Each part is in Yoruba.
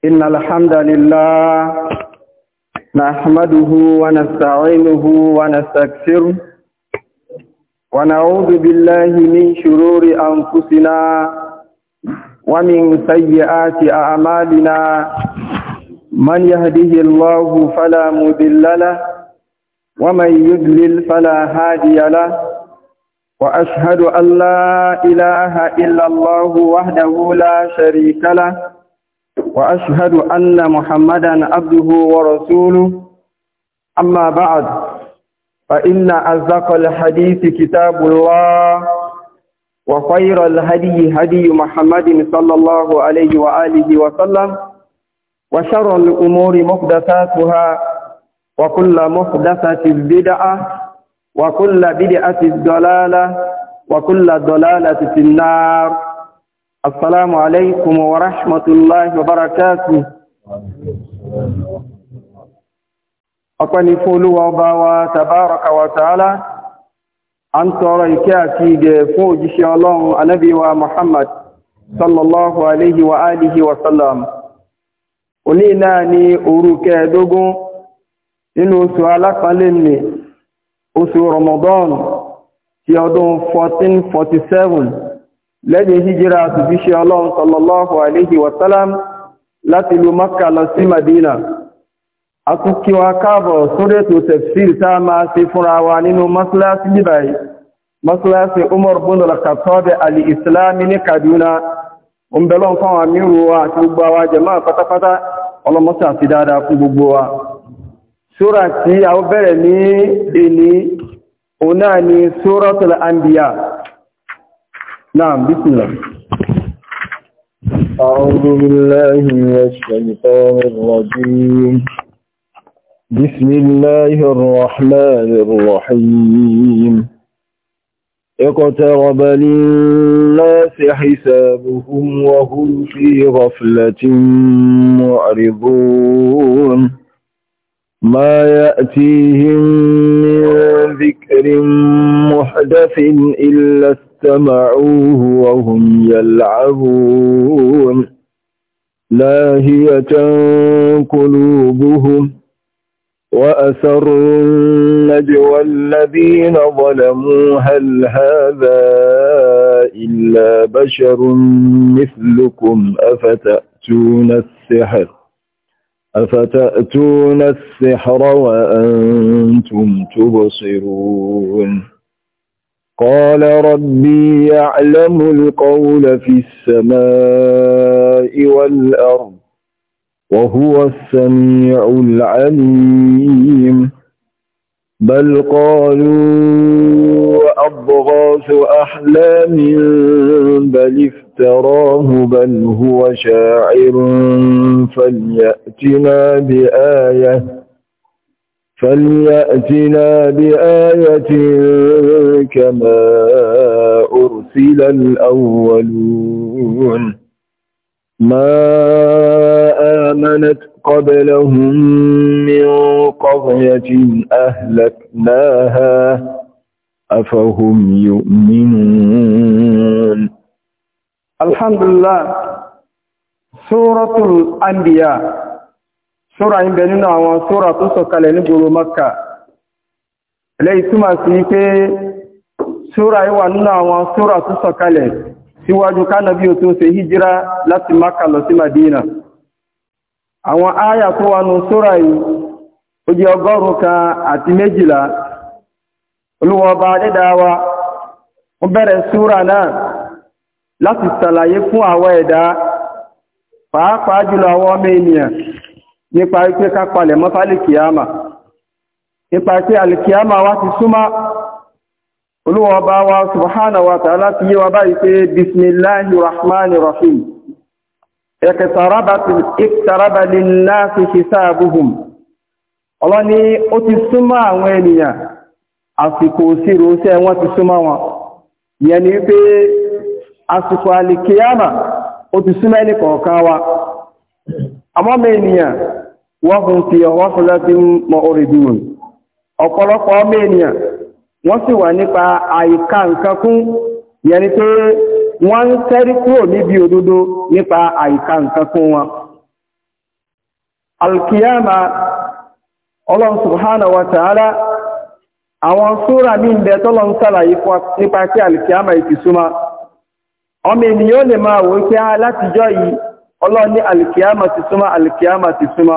إن الحمد لله نحمده ونستعينه ونستكثره ونعوذ بالله من شرور أنفسنا ومن سيئات أعمالنا من يهده الله فلا مذل له ومن يذلل فلا هادي له وأشهد أن لا إله إلا الله وحده لا شريك له وأشهد أن محمدا عبده ورسوله أما بعد فإن أصدق الحديث كتاب الله وخير الهدي هدي محمد صلى الله عليه وآله وسلم وشر الأمور محدثاتها وكل محدثة بدعة وكل بدعة ضلالة وكل ضلالة في النار السلام عليكم ورحمة الله وبركاته أقني فولو وباوا تبارك وتعالى أن ترى كاتي فوج الله النبي ومحمد صلى الله عليه وآله وسلم ونينا ني أوروكا دوغون nínú oṣù alápàálẹ̀ ní oṣù Ramadan ti 1447 lẹ́yìn hijira àtúnṣe ọlọ́run sallallahu alayhi wa sallam láti lu Makka lọ sí Madina a tún kí wa káàbọ̀ sórí ètò tafsir tá a máa ṣe fúnra wa nínú mọ́sálásí bíbáyìí mọ́sálásí Umar bin al-Khattab al-Islami ní Kaduna òǹbẹ̀lọ́n fún àwọn amírù wa àti gbogbo àwọn jàmáà pátápátá ọlọ́mọ́sí àti dáadáa fún gbogbo wa. Súra tí a bẹ̀rẹ̀ ní èní, òun náà ni Súratul Anbiya. نعم بسم الله أعوذ بالله من الشيطان الرجيم بسم الله الرحمن الرحيم اقترب للناس حسابهم وهم في غفلة معرضون ما يأتيهم من ذكر محدث إلا اجتمعوه وهم يلعبون لاهية قلوبهم وأسروا النجوى الذين ظلموا هل هذا إلا بشر مثلكم أفتأتون السحر أفتأتون السحر وأنتم تبصرون قال ربي يعلم القول في السماء والأرض وهو السميع العليم بل قالوا أضغاث أحلام بل افتراه بل هو شاعر فليأتنا بآية فليأتنا بآية كما أرسل الأولون ما آمنت قبلهم من قضية أهلكناها أفهم يؤمنون الحمد لله سورة الأنبياء sóra ń bẹ nínú àwọn sóra tó sọ̀kalẹ̀ ní gbogbo Makka lẹ́yìn túmọ̀ sí pé sóra yìí wà nínú àwọn sóra tó sọ̀kalẹ̀ síwájú kánàbí tó hijira láti maka lọ sí Madina àwọn áyà tó wà nù sóra yìí ó jẹ́ ọgọ́rùn kan àti méjìlá olúwọba lati ó bẹ̀rẹ̀ sóra náà láti ṣàlàyé fún àwọn ẹ̀dá nípa ike ká palẹ̀ mọ́ fálìkìyàmà nípa pé alìkìyàmà wá ti súnmá olúwa ọba wa subhanahu wa ta'ala ti yíwa báyìí pé bismillahi rahim iqtaraba linnasi hisabuhum ọlọ́ni ó ti súnmá àwọn ènìyàn osiri wọn ó ti súnmá wọ́n fi ọwọ́ fúnlá tí mọ orídùn ọ̀pọ̀lọpọ̀ ọmọ ènìyàn wọ́n sì wà nípa àìká nǹkan kún yẹni pé wọ́n ń tẹ́rí kúrò níbi nípa nǹkan kún wọn alkiyama ọlọ́run wa àwọn súra ah, ní ìbẹ̀ tọ́lọ́run sàlàyé nípa alkiyama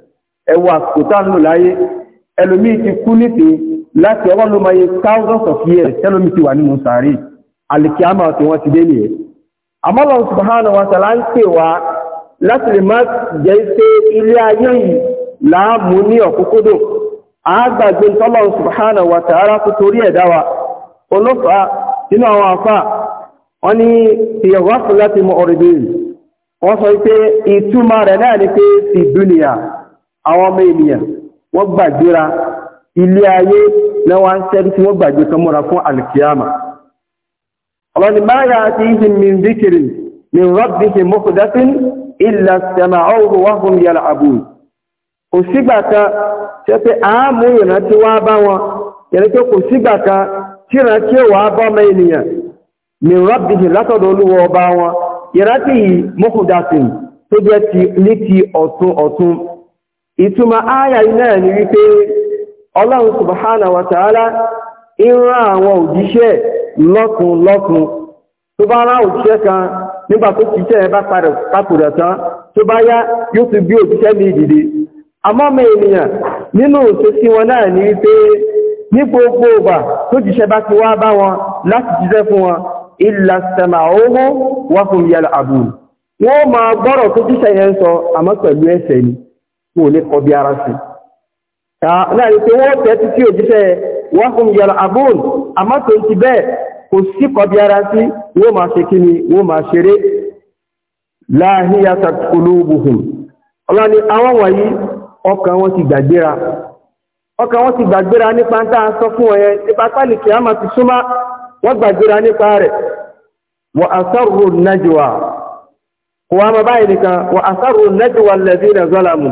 ẹwọ àsìkòtà ń lò láyé ẹlòmí ti kú nípe láti ọwọ́ ló máa yẹ thousands of years tẹ́lòmí ti wà nínú sàárì alìkíámà tí wọ́n ti dé nìyẹn àmọ́lọ̀ subhanahu wa ta'ala ń pè wá láti lè má jẹ́ pé ilé ayé yìí láàmú ní ọ̀kúkúdò àágbàgbé tọ́lọ̀ subhanahu wa ta'ala tó torí ẹ̀dá wa olófà nínú àwọn afá wọ́n ní ìyẹ̀wọ́fù láti mọ ọ̀rẹ́dẹ́ wọ́n sọ pé ìtumọ̀ rẹ̀ náà ni pé ti dúnìyà àwọn ọmọ ènìyàn wọ́n gbàgbéra ilé ayé náwà ń tí wọ́n gbàgbé kan mọ́ra fún alkiyama ọlọ́ni báyà àti ihe min zikirin min rabbihim muhdathin illa sama'uhu wa hum yal'abun kò sígbà kan ṣe pé àámú bá wọn yẹni pé kò sígbà kan tí ọmọ ènìyàn min látọ̀dọ̀ wọn tó jẹ́ ti ní ti ìtumọ̀ áyà náà ni wípé ọlọ́run subhana wa ta'ala ń rán àwọn òjíṣẹ́ lọ́kùn lọ́kùn tó bá rán òjíṣẹ́ kan nígbà tó jíṣẹ́ bá papòdà tán tó bá yá yóò ti gbé òjíṣẹ́ ní ènìyàn nínú òṣèṣí wọn náà ni wípé ní gbogbo ọba tó jíṣẹ́ bá ti fún wọn wọ́n máa gbọ́rọ̀ tó jíṣẹ́ yẹn ni kò lè kọ bí ara sí láàrin pé wọ́n tẹ́ títí òjíṣẹ́ wọ́n fún yàrá àbúrùn àmọ́ tó ti bẹ́ẹ̀ kò sí kọ bí ara sí wọ́n máa ṣe kí ni wọ́n máa ṣeré láàáhíyàtà olóògùn ọlọ́ni àwọn wọ̀nyí ọkàn wọn ti gbàgbéra ọkàn wọn ti gbàgbéra nípa ń tàà sọ fún ọ̀yẹn nípa pálì a máa ti súnmá wọ́n gbàgbéra nípa rẹ̀ wọ́n asọ́rò nájúwà kò wá máa báyìí nìkan wọ́n asọ́rò nájúwà lẹ́bí rẹ̀ zọ́làmù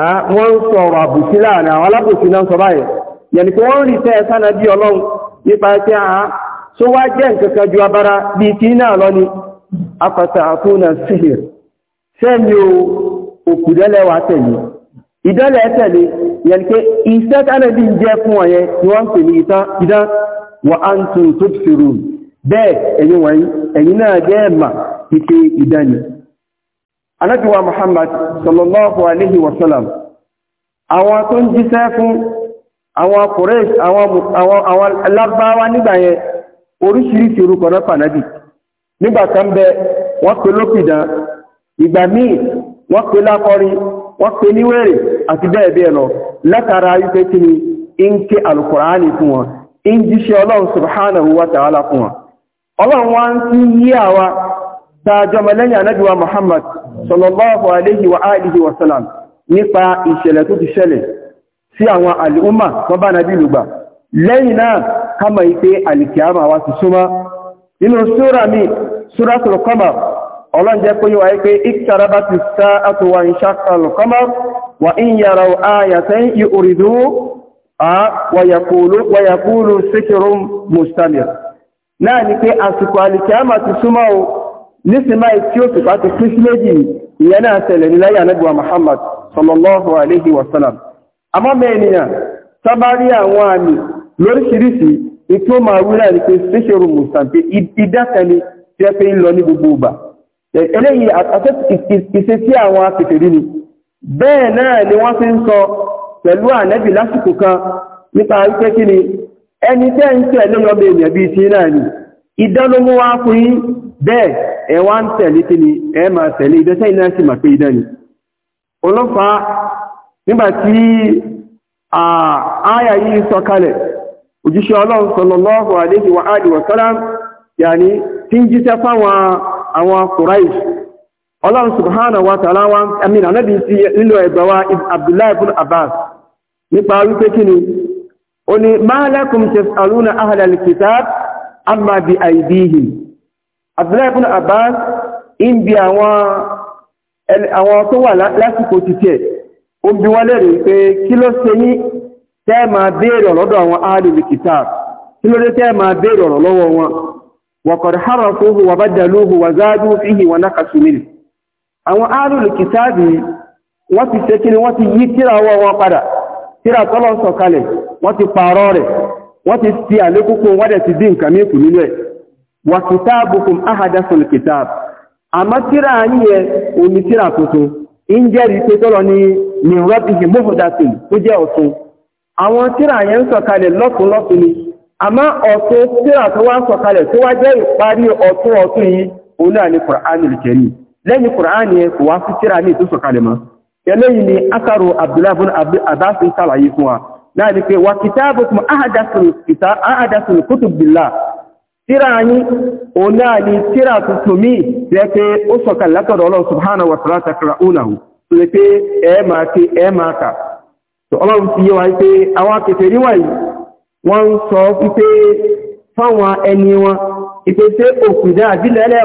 Ah, wọ́n ń sọ̀rọ̀ àbùsí láàrin àwọn alábùsí náà sọ báyìí yẹni kí wọ́n rí tẹ́ sánà bí ọlọ́run nípa tí a só wá jẹ́ nǹkankan ju abara bí kí náà lọ ni afẹ́ta àtúnà síhìr sẹ́mi o òkùdẹ́lẹ̀ wa tẹ̀lé ìdẹ́lẹ̀ tẹ̀lé yẹni kí iṣẹ́ tánà wa á ń tún tó fi anábíwá Muhammad sallallahu alaihi wasallam àwọn tó ń jíṣẹ́ fún àwọn Quraysh àwọn alábáwá nígbà yẹn oríṣiríṣi orúkọ náà pànábì nígbà kan bẹ wọ́n pe lópìdán ìgbà míì wọ́n pe lákọrí wọ́n pe níwèrè àti bẹ́ẹ̀ bẹ́ẹ̀ lọ tàjọmọ lẹ́yìn anábíwa Muhammad sallallahu alaihi wa alihi wa salam nípa ìṣẹ̀lẹ̀ tó ti ṣẹlẹ̀ sí àwọn al'umma wọn bá nàbí lùgbà lẹ́yìn náà kama ipe alìkìyàmà wa ti súnmọ́ nínú súra mi súratul Qamar náà ni pé àsìkò alìkìyàmà ti súnmọ́ o nísìnmá tí ó tùfà ti pín sí méjì ìyẹn náà tẹ̀lẹ̀ ní láyé ànábì wa Muhammad sallallahu alaihi wasallam àmọ́ mẹ́ẹ̀nìyàn sábà rí àwọn àmì lóríṣiríṣi ìtí ó máa wúrà ní pé ṣíṣẹ́rù mùsànpé ìdákẹni tí ẹ pé ń lọ ní gbogbo ọba eléyìí ìṣe sí àwọn akẹ̀kẹ̀rí ni bẹ́ẹ̀ náà ni wọ́n fi bẹ́ẹ̀ ẹ wá ń tẹ̀lé kí ni ẹ máa tẹ̀lé ìdẹ́sẹ́ ilẹ̀ sí màpé idán ni ọlọ́fàá nígbàtí ààyà yìí sọ kalẹ̀ òjíṣẹ́ ọlọ́run sallallahu alaihi wa alihi wa sallam yàní tí ń jíṣẹ́ fáwọn àwọn Quraish ọlọ́run subhanahu wa ta'ala wa amin anabi sí nílò ẹgbẹ̀wà Abdullahi ibn Abbas nípa wípé kí ni ó ní ma lakum tas'aluna ahlal kitab amma bi aydihim Abdullahi ibn Abbas ń bi àwọn tó wà lásìkò títẹ̀ ó bi wọ́n lẹ́rẹ̀ pé kí ló ṣe ní tẹ́ máa béèrè ọ̀lọ́dọ̀ àwọn ahlul kitab kí ló dé tẹ́ máa béèrè wọn waqad harafuhu wọ́n ti ṣe ni wọ́n ti yí tírà wọn padà tírà tọ́lọ́ sọ̀kalẹ̀ wọ́n ti pààrọ̀ rẹ̀ wọ́n ti fi àlékún kún wọ́n dẹ̀ ti wa kitabukum ahadathul kitab Amatira tíra yí ẹ omi tíra tuntun in jẹ́rìí pé tọ́lọ ni min rabbihi muhdathin tó jẹ́ ọ̀tún àwọn tíra yẹn ń sọ̀kalẹ̀ lọ́tún lọ́tún ni Ama ọ̀tún tira tó wá sọ̀kalẹ̀ tó wá jẹ́ ìparí ọ̀tún ọ̀tún yìí òun náà ni Qur'anul Karim lẹ́yìn Qur'an yẹn kò wá sí tíra ní ìtúsọ̀kalẹ̀ mọ́ eléyìí ni akaro Abdullahi bin Abbas ń sàlàyé wa náà ni pé wa kitabukum ahadathul kutub billah tíra yí o náà ni tíra tuntun mi jẹ́ pé ó sọ̀kà látọ̀dọ̀ ọlọ́run subhanahu wa ta'ala takara ulahu tó lè pé ẹ máa ké ẹ máa kà tó ọlọ́run fi yé wa pé àwọn akẹfẹ́ ríwà yìí wọ́n ń sọ wípé fáwọn ẹni wọn ìpè pé òkùnjẹ àbílẹ̀ẹ́lẹ́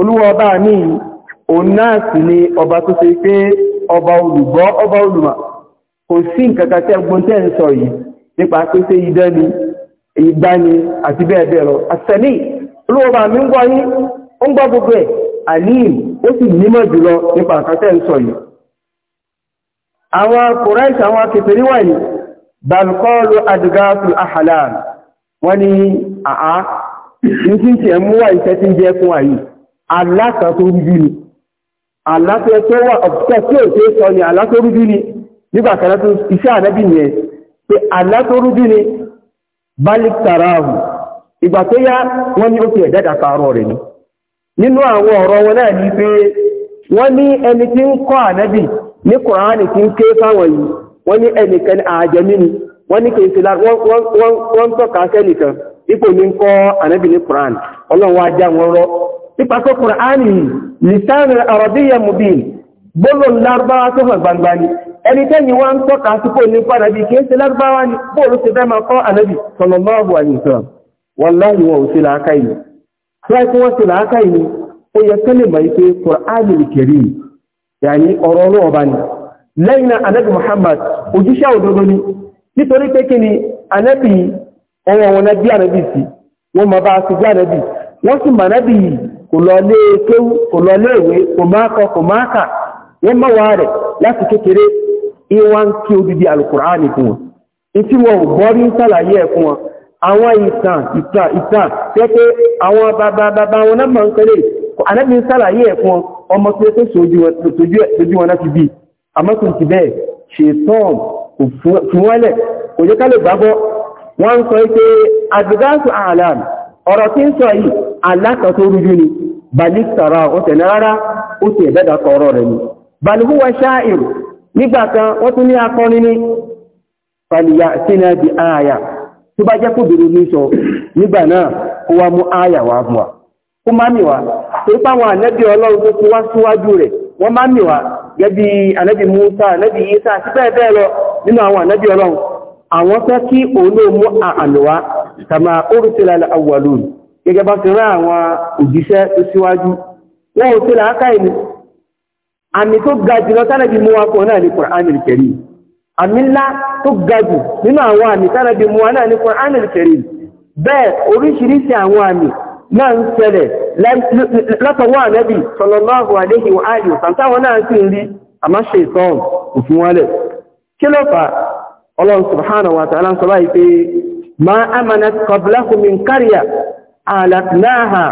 olúwa ọba ní òun náà sì ni ọba tó ṣe pé ọba olùgbọ́ ọba olùmọ̀ kò sí nǹkankan tẹ́ gbọ́n tẹ́ ń sọ yìí nípa pé ṣe idán ni ìgbá ni àti bẹ́ẹ̀ bẹ́ẹ̀ lọ àtẹ̀lé olúwa ọba mi ń gbọ́ yín ó ń gbọ́ ni àá ní tí ń tẹ̀ aláta tó rújú ni aláta tó wà ọ̀pọ̀ tí ó sọ ni aláta tó rújú ni nígbàkaná tó iṣẹ́ ni ẹ pé aláta tó rújú ni balik tarahu ìgbà tó yá wọ́n ní ó fi rẹ̀ ni nínú àwọn ọ̀rọ̀ wọn náà ní pé wọ́n ní ẹni tí ń kọ́ ànábì ní ni nípasẹ̀ kùránì lìsánì àrọ̀bíyà mubin gbólóhùn lárúbáwá tó hàn gbangba ni ẹni tẹ́yìn wá ń tọ́ka sípò nípa nàbí kìí ṣe lárúbáwá ni bóòlù ti fẹ́ máa kọ́ ànábì sallallahu alaihi wasallam wallahi wọn ò sí làákà yìí láì fún wọn sí làákà yìí ó yẹ kẹ́lẹ̀ mọ̀ ike kùránì al-karim yàní ọ̀rọ̀ ọlọ́ọ̀bá ni lẹ́yìn ànábì Muhammad òjíṣẹ́ bá a sí wọ́n sì mà nábì yìí kò lọ lé kéwú kò lọ lé ìwé kò máa kọ kò máa kà wọ́n mọ́ wá rẹ̀ láti kékeré ìwá ń kí odidi alùkùránì fún wọn ìtí wọn ò gbọ́ rí sàlàyé ẹ̀ fún wọn àwọn ìtàn ìtàn ìtàn tẹ́ pé àwọn bàbá wọn náà máa ń kéré ànábì ń sàlàyé ẹ̀ wọn ọmọ tí ó tó ọ̀rọ̀ tí ń sọ yìí alákan tó ni balik tara ó ó ti ẹ̀bẹ́dà kọ̀ọ̀rọ̀ rẹ̀ ni balhuwa sha'ir nígbà kan wọ́n tún ní akọrin ní fàlìyà sínú di tó bá jẹ́ ní sọ nígbà náà kó wá mú ààyà wá kó má tó pàwọn ànẹ́bí ọlọ́run tó wá síwájú rẹ̀ wọ́n má gẹ́bí ànẹ́bí Musa ànẹ́bí àti bẹ́ẹ̀ bẹ́ẹ̀ lọ kàmà orutela àwàlóòrùn gẹ́gẹ́ bá ti rán àwọn òjíṣẹ́ tó síwájú wọ́n ò tẹ́lá áká ìní àmì tó ga jù lọ tánàbí mú wa náà ní Qur'anul Karim àmì ńlá tó ga jù nínú àwọn àmì tánàbí mú wa náà ní Qur'anul Karim bẹ́ẹ̀ oríṣiríṣi àwọn àmì náà ń wa ma amanat qablahu min qarya alatnaha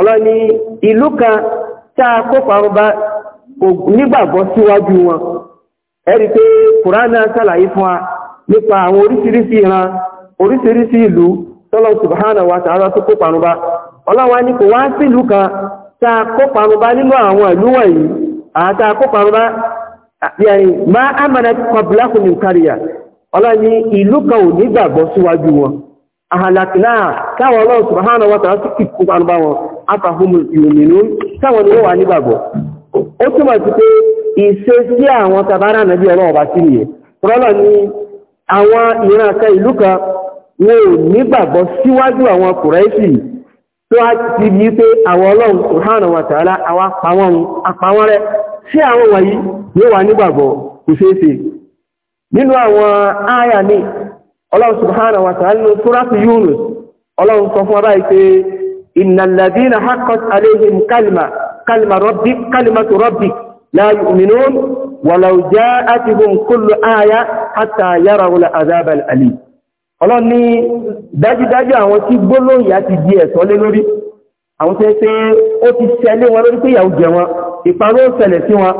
ọlọ́ni ìlú kan táa kó faruba nígbàgbọ́ síwájú wọn ẹ̀rí pé kùránà sàlàyé fún wa nípa àwọn oríṣiríṣi ìran oríṣiríṣi ìlú tọ́lọ̀ subhanahu wa ta'ala tó kó faruba ọlọ́wà ní kò wá sí ìlú kan kó nínú àwọn ìlú wọ̀nyí àtàkó ọlọ́ni ìlú kan ò nígbàgbọ́ síwájú wọn àhàlàkìlá káwọn ọlọ́run subhana wa ta'ala sí kìkú panubá wọn afahumul yu'minun káwọn ni wà nígbàgbọ́ ó túnmọ̀ sí pé ìṣe àwọn ọlọ́run ọba sí rọ́lọ́ àwọn ìlú kan wọn ò nígbàgbọ́ síwájú àwọn kùrẹ́sì tó a ti bí pé àwọn ọlọ́run àwọn apàwọn rẹ̀ sí àwọn wọ̀nyí wà nígbàgbọ́ kò ṣeéṣe nínú àwọn àyà ní ọlọ́run subhanahu wa ta'ala nínú túrásì Yunus ọlọ́run sọ fún ọba ìpé innal ladhina haqqat alayhim kalima kalima rabbi kalimatu rabbi la yu'minun walau ja'atuhum kullu aya hatta yarawul azab al-alim ọlọ́run ní dájúdájú àwọn tí gbólóyà ti di ẹ̀sọ́ lé lórí àwọn tẹ́ pé ó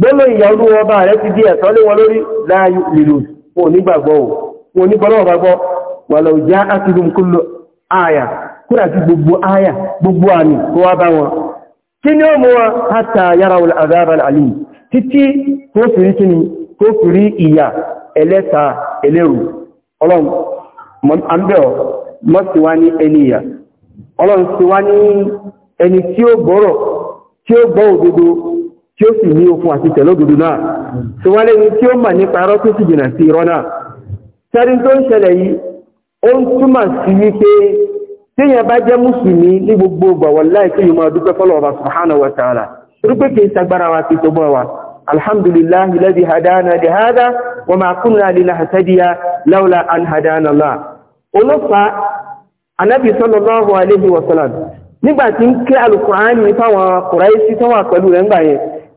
gbọ́nà ìyà olúwọ bá rẹ̀ ti di ẹ̀tọ́ lé wọn lórí láàyè lílò fún onígbàgbọ́ ò fún onígbọ́lọ́wọ́ bá gbọ́ wà kúlò àyà kúrò àti gbogbo àyà gbogbo àmì tó wá bá wọn kí ni ó mú wọn ha yára yara àzára àlì títí tó fìrí kíni tó fìrí ìyà ẹlẹ́ta ẹlẹ́rù tí ó sì ní okun àti tẹ̀lódùdù náà tí wọ́n lẹ́yìn tí ó mà nípa irọ́ tó sì jìnà sí irọ́ náà sẹ́rí tó ń ṣẹlẹ̀ yìí ó ń túmọ̀ sí wípé téèyàn bá jẹ́ mùsùlùmí ní gbogbo gbàwọ̀ láì kí ìmọ̀ dúpẹ́ fọ́lọ̀ ọba subhanahu wa ta'ala rúpé kì í sagbára wa sí tọgbọ́n wa alhamdulillah alladhi hadana pẹ̀lú rẹ̀ ń gbà yẹn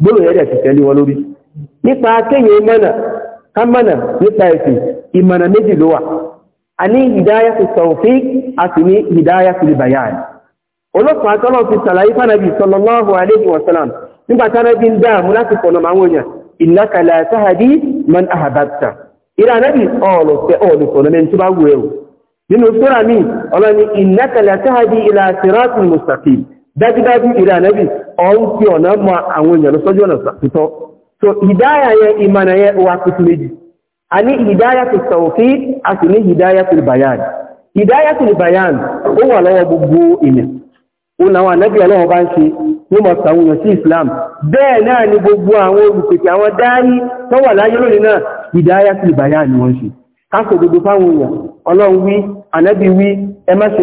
gbóòrò ẹ̀rẹ̀ ti tẹ̀lé wọn lórí nípa kéyìn mọ́nà kámọ́nà nípa ẹ̀sìn ìmọ̀nà méjì ló wà a ní hidaya ti tawfiq a sì ní hidaya ti bayan olóòpàá tọ́lọ̀ fi sàlàyé fánàbí sallallahu alayhi wa sallam nígbà tánàbí ń dáàmú láti pọ̀nà àwọn èèyàn innaka la tahdi man ahbabta ìrànàbí ọ̀lọ̀fẹ́ ọ̀lọ̀fẹ́ mẹ́rin tó bá wù ẹ̀rù nínú sura mi ọlọ́ni innaka la tahdi ila dájúdájú ìrẹ́ ànẹ́bì ọ̀hún tí ọ̀nà mọ àwọn èèyàn sọ́jú ọ̀nà títọ́ so ìdáyà yẹn ìmọ̀nà yẹn wà tuntun méjì a ní ìdáyà tó sọ̀fí a sì ní ìdáyà tó bayan ìdáyà tó bayan ó wà lọ́wọ́ gbogbo èèyàn ó làwọn ànẹ́bì ọlọ́wọ́ bá ń ṣe yóò mọ̀ sàwọn èèyàn sí ni gbogbo àwọn olùpèsè àwọn dáárí tó ni wọ́n ṣe káàkò gbogbo fáwọn èèyàn ọlọ́run wí ànẹ́bì wí ẹ má ṣe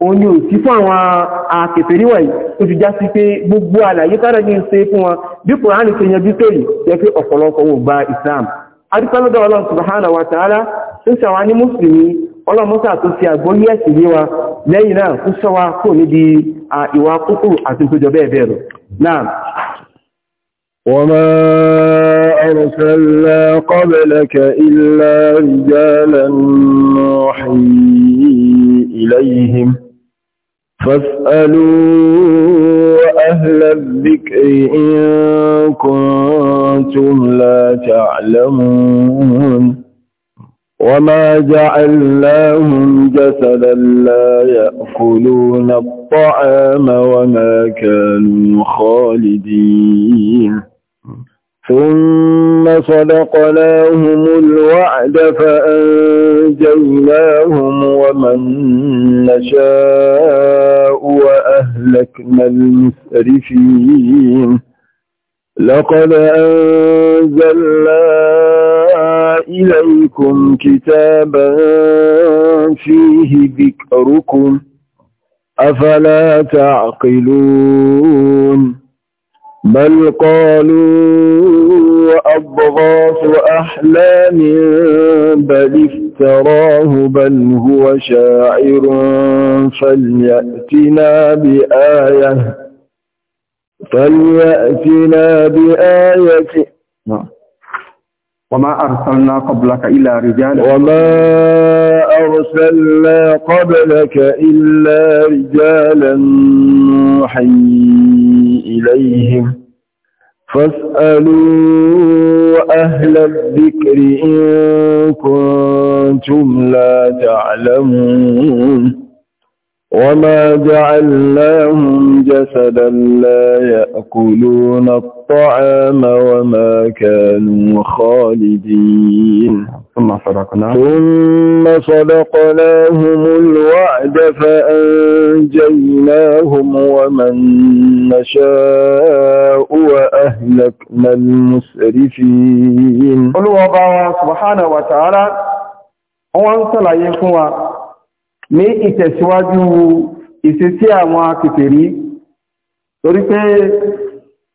onye ni ò sí fún àwọn àkẹfẹ̀ríwà yìí tó sí pé gbogbo àlàyé kára ní ṣe fún wọn bí Kùránì ṣe yanjú tó yìí jẹ́ ọ̀pọ̀lọpọ̀ wọn gba Islam wa ta'ala tó ṣe àwọn ní mùsùlùmí ọlọ́mọ́sà tó fi àgbóyé ẹ̀sì yé wa lẹ́yìn وما أرسلنا قبلك فاسألوا أهل الذكر إن كنتم لا تعلمون وما جعلناهم جسدا لا يأكلون الطعام وما كانوا خالدين ثم صدقناهم الوعد فأنجيناهم ومن نشاء وأهلكنا المسرفين لقد أنزلنا إليكم كتابا فيه ذكركم أفلا تعقلون بل قالوا أضغاث أحلام بل افتراه بل هو شاعر فليأتنا بآية فليأتنا بآية نعم. وما أرسلنا قبلك إلا رجال وما أرسلنا قبلك إلا رجالا نوحي إليهم فاسألوا أهل الذكر إن كنتم لا تعلمون وما جعلناهم جسدا لا يأكلون الطعام وما كانوا خالدين ثم صدقناهم ثم صدقناهم الوعد فأنجيناهم ومن نشاء وأهلكنا المسرفين قل وضع سبحانه وتعالى وانصل يكون ní ìtẹ̀síwájú ìsẹsí àwọn si torí pé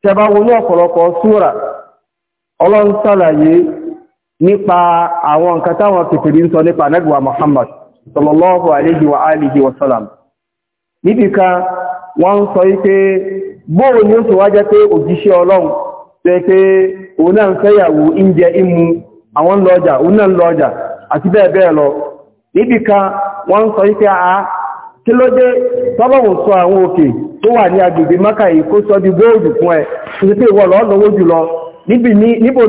tẹbáwọnú ọ̀pọ̀lọpọ̀ súra ọlọ́run ṣàlàyé nípa àwọn nǹkan táwọn akìtèrí ń sọ nípa nẹ́gbà Muhammad sallallahu wa alihi wa sallam níbìka wọ́n sọ níbi kan wọ́n ń sọ wípé àá kí ló dé tọ́lọ̀wọ̀ sọ àwọn òkè tó wà ní agbègbè maka yìí kó sọ di góòlù fún ẹ títí pé ìwọ̀ lọ́lọ́wọ́ jùlọ níbò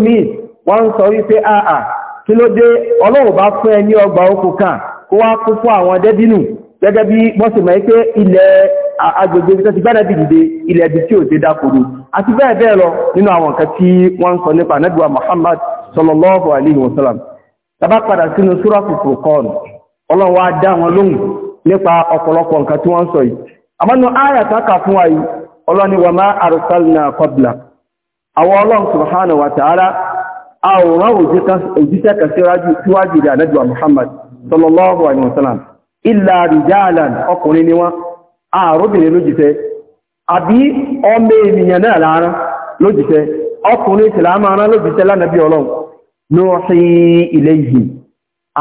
míì wọ́n ń sọ wípé àà kí ló dé ọlọ́wọ̀ bá fún ẹ ní ọgbà oko kan kó wá kú fún àwọn dẹ́bínù gẹ́gẹ́ bí wọ́n sì ilẹ̀ agbègbè Muhammad sallallahu alayhi wa sallam tabá padà sínú súrọ́pù fòkọ́ọ̀nù ọlọ́run wá dá wọn lóhùn nípa ọ̀pọ̀lọpọ̀ nǹkan tí wọ́n sọ yìí àmọ́nù àyà tákà fún wa yìí máa àrùsálìnà kọbìlà ọlọ́run ọkùnrin ni wọ́n àrùbìnrin lójíṣẹ́ àbí ọmọ ènìyàn náà lára lójíṣẹ́ ọkùnrin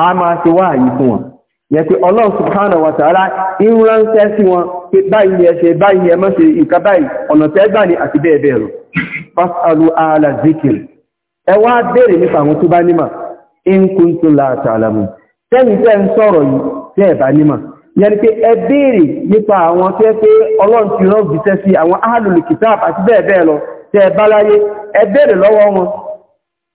a máa ṣe wáyé fún wọn yẹn pé ọlọ́run subhanahu wa ta'ala ń ránṣẹ́ sí wọn pé báyìí ni ẹ ṣe báyìí ẹ má ṣe nǹkan báyìí ọ̀nà tẹ́ gbà ní àti bẹ́ẹ̀ bẹ́ẹ̀ lọ fasalu ala zikir ẹ wá béèrè nípa àwọn tó bá nímà in kuntum la ta'lamun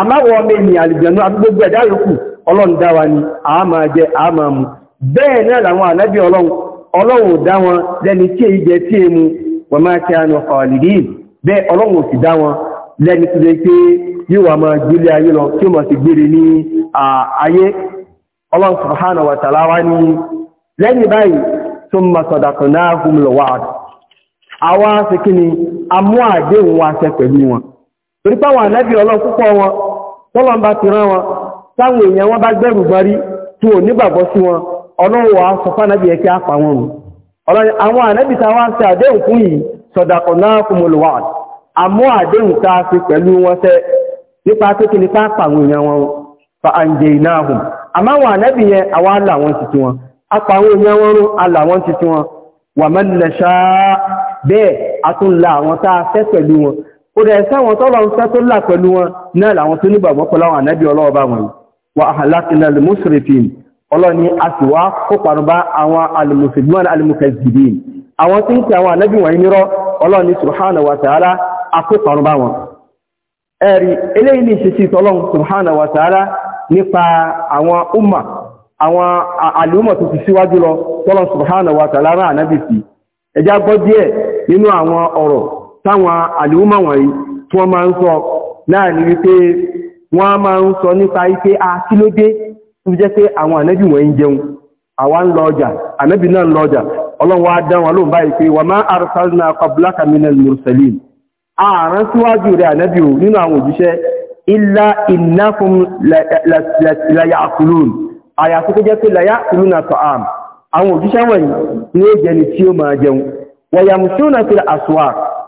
àmáwọ̀ ọmọ ènìyàn àlìjẹ̀nú àgbógbò ẹ̀dá yòókù ọlọ́run dá wa ni a máa jẹ a máa mu bẹ́ẹ̀ náà làwọn ànábì ọlọ́run ọlọ́run dá wọn lẹ́ni tí èyí jẹ tí èmu wọ́n máa kí àánú ọ̀lìdín bẹ́ẹ̀ ọlọ́run sì dá wọn lẹ́ni tó lè pé yóò wà máa gbélé ayé lọ tí ó mọ̀ sí gbére ní ayé ọlọ́run subhanahu wa ta'ala wá ní àdéhùn wa ṣẹ pẹ̀lú wọn torí páwọn ànábì ọlọ́run púpọ̀ wọn tọ́lọ́n bá ti rán wọn táwọn èèyàn wọn bá gbẹ̀rù gbárí tí ò nígbàgbọ́ sí wọn ọlọ́run wà sọ fánàbì ẹ̀ kí á pa ni ká pa àwọn èèyàn wọn fa àǹjẹ iná wọn pa àwọn èèyàn wọn rún a là wọn ti tiwọn wà mẹ́lẹ̀ ṣáá bẹ́ẹ̀ a tún la àwọn tá fẹ́ pẹ̀lú wọn ó dẹ̀ sáwọn tọ́lọ ń fẹ́ tó là pẹ̀lú wọn náà làwọn tó nígbàgbọ́ pẹ̀lú àwọn ànábì ọlọ́ọ̀bá wọn wa ahlakina al-musrifin ọlọ́ni a sì wá kó parúbá àwọn al-musrifin àwọn tí ń pè àwọn ànábì wọ̀nyí nírọ́ ọlọ́ni subhanahu wa ta'ala wọn táwọn àlúmọ̀ wọ̀nyí tí wọ́n máa ń sọ láàrin wípé wọ́n máa ń sọ nípa wípé a kí ló dé tó jẹ́ pé àwọn ànábì wọ́n ń jẹun àwa ń lọ ọjà ànábì náà ń lọ ọjà ọlọ́run wá dá wọn lóun báyìí pé wa ma arsalna qablaka minal mursalin ààrán síwájú rẹ̀ ànábì ò nínú àwọn òjíṣẹ́ illa wọ̀nyí ni ó jẹni tí ó máa jẹun wa yamshuna fil aswaq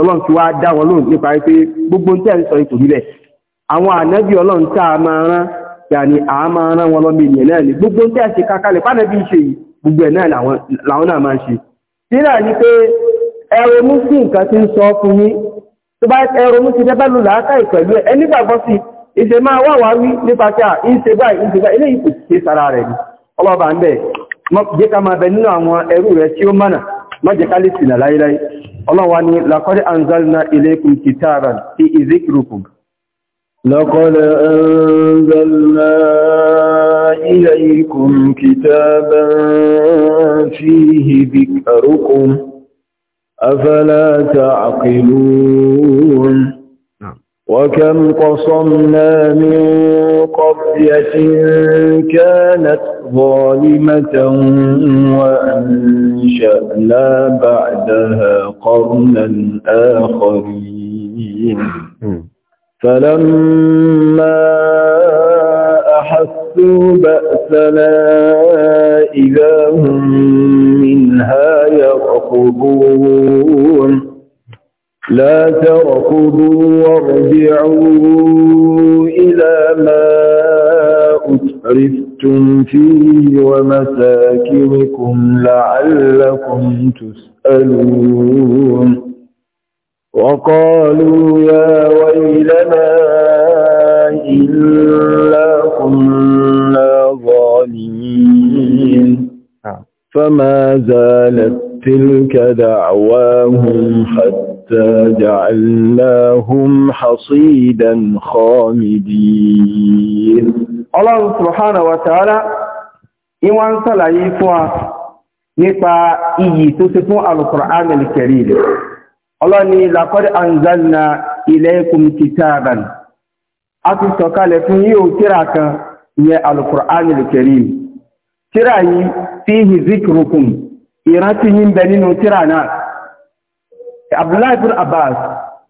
ọlọ́run ti wá dá wọn lóhùn nípa pé gbogbo ń tẹ́ ń sọ ipò nílẹ̀ àwọn ànábì ọlọ́run tá a máa rán yàní a máa rán wọn lọ́mọ ènìyàn náà ni gbogbo ń tẹ́ ṣe kakalẹ̀ pánàbí ṣe gbogbo ẹ̀ náà làwọn náà máa ṣe tí náà ni pé ẹ̀rọ mú sí nǹkan tí ń sọ fún yín tó bá ṣe báyìí jẹ́ ká máa bẹ nínú àwọn ẹrú rẹ̀ tí ó mọ̀nà má jẹ́ ká lè sìnà láéláé ọlọ́wà ni laqad anzalna ilaykum kitaban fi dhikrukum laqad anzalna ilaykum kitaban fihi dhikrukum afala ta'qilun وكم قصمنا من قرية كانت ظالمة وأنشأنا بعدها قرنا آخرين فلما أحسوا بأسنا إذا هم منها يرقبون لا تركضوا وارجعوا إلى ما أترفتم فيه ومساكنكم لعلكم تسألون وقالوا يا ويلنا إلا كنا ظالمين نعم. فما زالت تلك دعواهم حتى حتى جعلناهم حصيدا خامدين الله سبحانه وتعالى ìwọ́n sàlàyé fún wa nípa iyì tó ti fún al-Qur'an al-Karim ọlọ́ni laqad anzalna ilaykum kitaban a ti sọ̀kalẹ̀ fún yíò tírà kan yẹ al-Qur'an al-Karim tírà yìí fihi zikrukum ìrántí yín bẹ nínú tírà náà Abdullahi ibn Abbas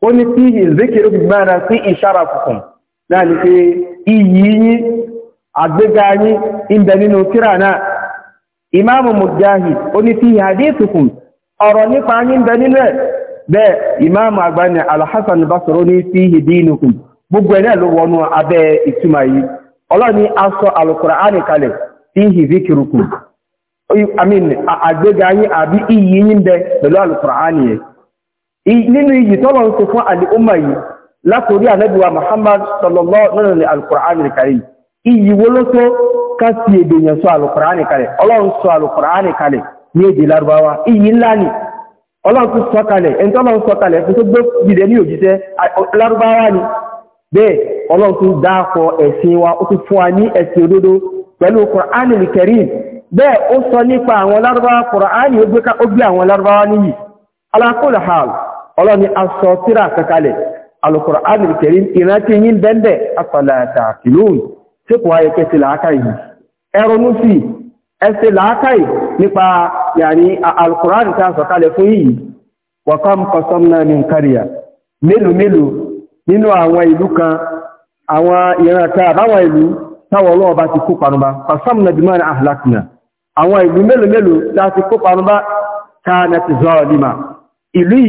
ó ní tí ìzíkìrì gbára sí ìṣára kùkùn náà ni pé iyì yí àgbéga yí ìbẹ̀ nínú kíra náà imáàmù Mujahid ó ní tí hadithukum ọ̀rọ̀ nípa yí ń bẹ nílẹ̀ bẹ́ẹ̀ imáàmù àgbáni alhassan basoro ní tí hidinukum gbogbo ẹ̀ náà ló wọnú abẹ́ ìtumà yìí yí àbí iyì yí pẹ̀lú alukùránì yìí nínú iyì tọ́lọ̀ ń ṣe fún àlìkúmà yìí látòrí ànẹ́bíwa Muhammad sallallahu alaihi al-Qur'an al-Karim iyì wo ló tó ká sí èdè yẹn sọ al-Qur'an kalẹ̀ ọlọ́run sọ al-Qur'an kalẹ̀ ní èdè Lárúbáwá iyì ńlá ni ọlọ́run tó fún tó gbé jìdẹ ní òjíṣẹ́ Lárúbáwá ni bẹ́ẹ̀ ọlọ́run tó dáàkọ ẹ̀sìn wa ó tún fún wa ní ẹ̀sìn òdodo pẹ̀lú Qur'an al bẹ́ẹ̀ ó sọ ọlọ́ni aṣọ tíra kakalẹ̀ Al-Qur'an al-Karim ìrántí yín bẹ́ndẹ̀ afẹ́lẹ̀ta kìlún tí kò wáyé kẹsì làákàí ẹrùnú sí ẹsẹ̀ làákàí nípa yàní Al-Qur'an tí a sọ̀kalẹ̀ fún yìí wa kam qasamna min qarya mélòó mélòó nínú àwọn ìlú kan àwọn ìran kan àbáwọn ìlú táwọn ọlọ́ọ̀bá ti kó panubá qasamna bimana ahlakna àwọn ìlú mélòó mélòó tí a ti kó ìlú yìí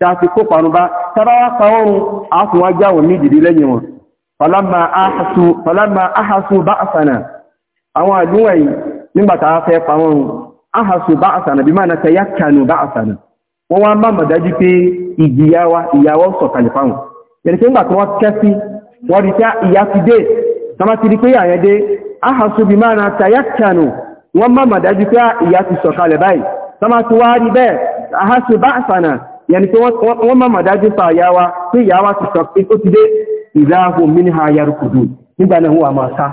tààfi kó panubá tàbáwá kàwọ́rún àfúnwájá wọn ní ìdìdí lẹ́yìn wọn falamma ahasu bá àsànà àwọn àdúnwà yìí nígbàtà afẹ́ pàwọ́rún ahasu bá àsànà bí máa tẹ́yà kànù bá àsànà wọ́n wá máa dájú pé ìgbìyàwó ìyàwó sọ̀kalẹ̀ fáwọn yẹni wọ́n ahasu bí máa tẹ́yà kànù wọ́n máa dájú pé ìyá ti sọ̀kalẹ̀ báyìí tọ́má ti wá rí bẹ́ẹ̀ ahasu bá àsànà yẹni pé wọ́n máa màdájú pa àyáwá pé ìyáwá ti sọ pé ó ti dé ìdáhùn mínìhà yarukudu nígbà náà wọ́n máa sá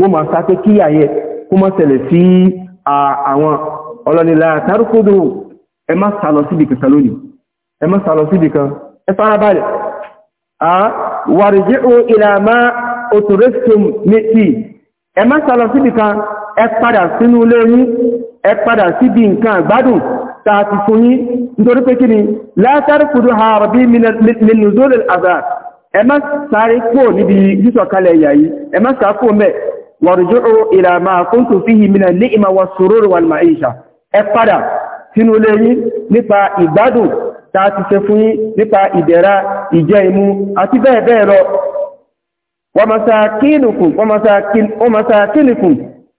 wọ́n máa sá pé kí àyẹ kó mọ́ ṣẹlẹ̀ sí àwọn ọlọ́nilá tarukudu ẹ má sá lọ síbi kan lónìí ẹ má sá lọ síbi kan ẹ farabalẹ̀ wàrìjíhù ìlàmá òtòrẹ́sùn méjì ẹ má sá lọ síbi kan ẹ padà sínú lẹ́yìn ẹ padà síbi nǹkan àgbádùn tààtì fún yí nítorí pé kí ni látàrí kùdù àrùbí minuzol azad ẹ má sáré kó níbi jísọ̀kalẹ̀ ìyà yìí ẹ má sáré kó mẹ́ wàrùjúrù ìlàmà fún tó fi hìmìnà ní ìmà wa sòrórò wà ma'íṣà ẹ padà sínú lẹ́yìn nípa ìgbádùn tààtì ṣe fún yí nípa ìdẹ̀ra ìjẹ imú àti bẹ́ẹ̀ bẹ́ẹ̀ lọ wọ́n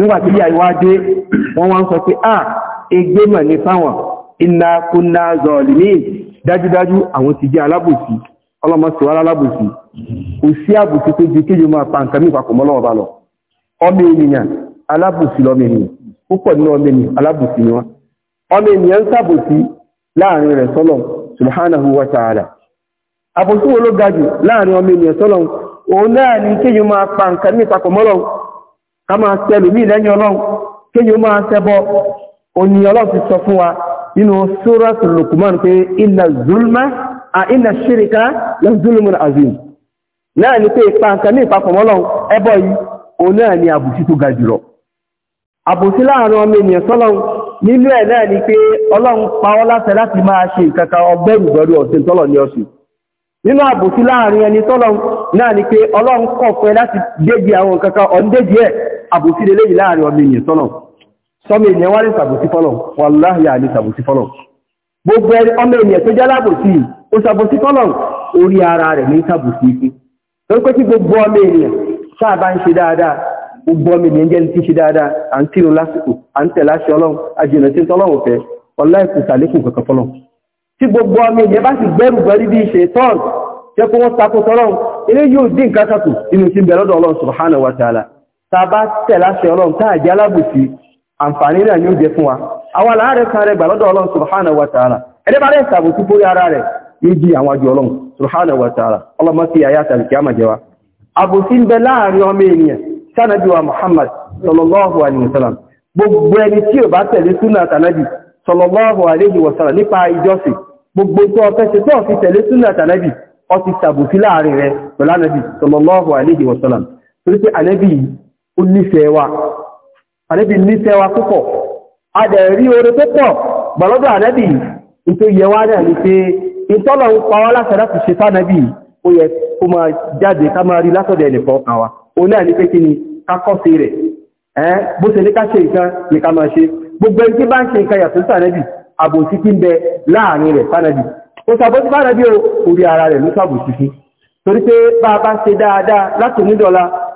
nígbàtí yà ìwádé wọ́n wá ń sọ pé à ah, egbé mọ̀ ní fáwọn iná kúnná zọ̀ọ̀lìmí dájúdájú àwọn ti jẹ́ alábòsí ọlọ́mọsíwá alábòsí kò sí àbòsí tó jẹ́ kéjì máa pa nǹkan mìí papọ̀ mọ́lọ́wọ́ba lọ ọmọ ènìyàn alábòsí lọ́mọ ènìyàn púpọ̀ nínú ọmọ ènìyàn alábòsí ni wọ́n ọmọ ènìyàn ń ni kéjì máa pa nǹkan kama máa tẹ́lù mí lẹ́yìn ọlọ́run kéyìn ó máa tẹ́bọ́ òní ọlọ́run ti sọ fún wa nínú sóràtù Luqman pé inna zulma a inna shirika la zulmun azim náà ni pé ipa nǹkan ní ìpapọ̀ mọ́lọ́run ẹbọ yìí òun náà ni na ni pa nínú àbòsí láàrin ẹni náà ni pé ọlọ́run kọ̀ fẹ́ láti àwọn àbòsí lè léyìí láàrin ọmọ èèyàn sọ́nà sọmọ èèyàn wá ní sàbòsí fọ́lọ̀ wàláhìá ní sàbòsí fọ́lọ̀ gbogbo ọmọ èèyàn tó jẹ́ lábòsí ó sàbòsí fọ́lọ̀ orí ara rẹ̀ ní sàbòsí ikú torí pé tí gbogbo ọmọ èèyàn sáà bá ń ṣe dáadáa gbogbo ọmọ ènìyàn jẹ́ ti ṣe dáadáa à ń kírun lásìkò à ń tẹ̀lé àṣẹ ọlọ́run àjìnà tí tọ́lọ́run fẹ́ ọlá ìkùsàlékùn kankan fọ́lọ́run tí gbogbo ilé yóò dín nǹkan inú tí ń bẹ̀rẹ̀ lọ́dọ̀ ọlọ́run subhanahu wa tàbá tẹ̀láṣẹ ọlọ́run táà jẹ́ alábòsí àǹfààní náà ni ó jẹ́ fún wa àwọn aláàrẹ kan rẹ̀ gbàlọ́dọ̀ ọlọ́run subhanahu wa ta'ala ẹ̀dẹ́ bá rẹ̀ sàbòsí fórí ara rẹ̀ méjì àwọn àjò ọlọ́run subhanahu wa ta'ala ọlọ́mọ sí ayá tàbí kí a máa jẹwa àbòsí ń bẹ láàrin ọmọ ènìyàn sánàbí wa Muhammad sallallahu alaihi wasallam gbogbo ẹni tí ò bá tẹ̀lé rẹ̀ pẹ̀lú ànàbí sallallahu alaihi wasallam torí pé yìí ó nífẹ̀ẹ́ wa ànábì nífẹ̀ẹ́ wa púpọ̀ a dẹ̀ rí oore tó pọ̀ gbàlọ́dọ̀ ànábì tó yẹ wá náà ni pé ìtọ́lọ̀ ń pa wá láṣẹ láti ṣe sánàbì ó yẹ kó máa jáde ká máa rí látọ̀dẹ̀ ẹnìkan kan wa ó náà ní pé kí ni ká kọ́sí rẹ̀ ẹ́ bó ṣe ní ká ṣe nǹkan ní ká máa ṣe gbogbo ẹni tí bá ń ṣe nǹkan yàtọ̀ sánàbì àbòsí tí ń bẹ láàrin torí pé bá bá ṣe dáadáa láti onídọ̀la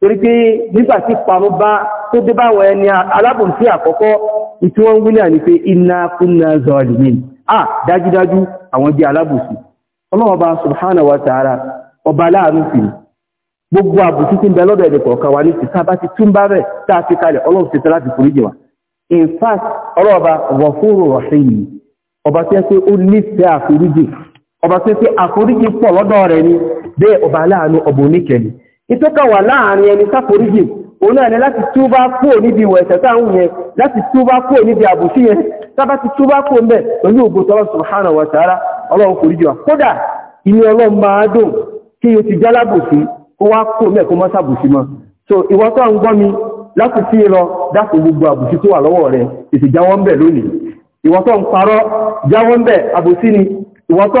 torí pé nígbà tí parun bá tó dé báwọn ẹni alábòǹsí àkọ́kọ́ ìtí wọ́n ń wí náà ni pé inna kunna zalimin à dájúdájú àwọn jẹ́ alábòsí ọlọ́ọ̀bá subhanahu wa ta'ala ọba láàánú sí gbogbo àbùsí tí ń bẹ lọ́dọ̀ ẹ̀dẹ̀ kọ̀ọ̀kan wa ní wa in fact ọlọ́ọ̀bá wọ̀fúrò rọ̀ṣẹ́ yìí ọba tí ó pé ó nífẹ̀ẹ́ àforíjì ọba tí ó ni ìtọ́kà wà láàrin ẹni sáforíjì òun náà ni láti túbá kúrò níbi ìwọ̀ ẹ̀ṣẹ̀ táwọn yẹn láti túbá kúrò níbi àbùsí yẹn tábá ti túbá kúrò mẹ́ pẹ̀lú ògbótọ́rọ̀ subhanahu wa ta'ala ọlọ́run foríjì wa kódà inú ọlọ́run máa dùn kí so ìwọ tó ń gbọ́ mi láti fi lọ dákun gbogbo àbùsí tó wà lọ́wọ́ rẹ̀ èsì jáwọ́ ni ìwọ tó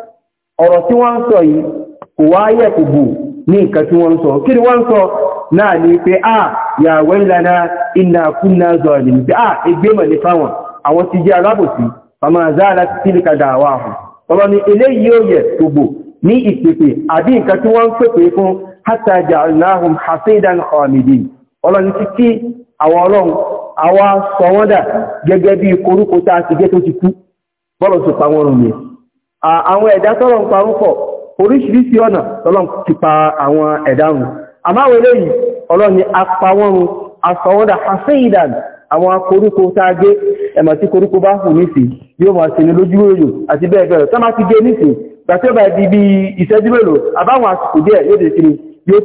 ọ̀rọ̀ tí wọ́n ń sọ yìí kò wá yẹ̀ kò bù ní nǹkan tí wọ́n ń sọ kí ni wọ́n ń sọ náà ní pé à yà waylana inna kunna zalimin pé à egbé mọ̀ ní fáwọn àwọn ti jẹ́ alábòsí ni eléyìí ó yẹ̀ kò bù ní ìpèpè àbí nǹkan tí ni títí àwọn ọlọ́run àwa sọ wọ́n dà gẹ́gẹ́ bí koríko tá a ti bọ́lọ̀ sí pa wọ́n yẹn àwọn ẹ̀dá tọ́lọ̀ ń parún pọ̀ oríṣiríṣi ọ̀nà tọ́lọ̀ ti pa àwọn ẹ̀dá run àmáwọn eléyìí ọlọ́ni apawọ́run asọ̀wọ́dà haseidan àwọn koríko táagé ẹ̀mà tí koríko bá hù nísì yóò máa sinmi lójú òyò àti bẹ́ẹ̀ bẹ́ẹ̀ tó máa ti gé nísì gbàtí ó bá di bí ìṣẹ́jú mélòó àbáwọn àsìkò díẹ̀ yóò dé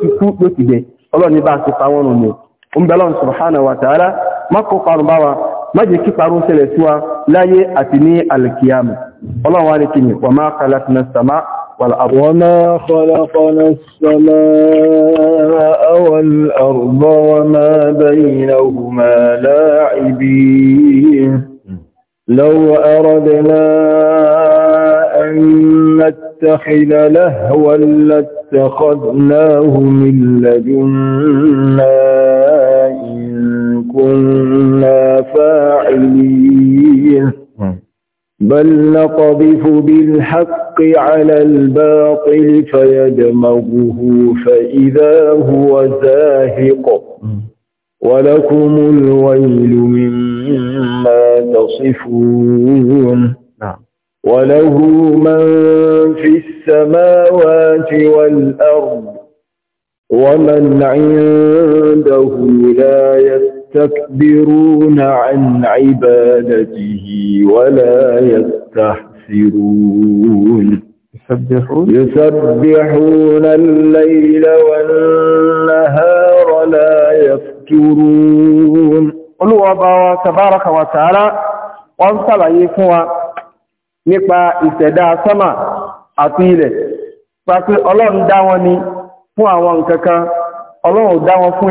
ti kú yóò ti gbẹ ọlọ́ni bá ti pa wọ́n rùn ní ọmọbẹ̀lọ́n subhanahu wa ta'ala má kó parun bá wa má jẹ́ láyé àti ní alkiyama الله ní kí وما خلقنا السماء والارض وما خلقنا السماء والأرض وما بينهما لاعبين لو أردنا أن نتخذ لهوا لاتخذناه من لدنا إن كنا فاعلين بل نقذف بالحق على الباطل فيدمغه فإذا هو زاهق ولكم الويل مما تصفون نعم. وله من في السماوات والأرض ومن عنده لا يستطيع يستكبرون عن عبادته ولا يستحسرون يسبحون, يسبحون الليل والنهار لا يفترون قل وبا تبارك وتعالى وانصل يفوا نقبا استدعى سما أطيله فأقول الله دعوني فوا وانككا الله دعوة فوا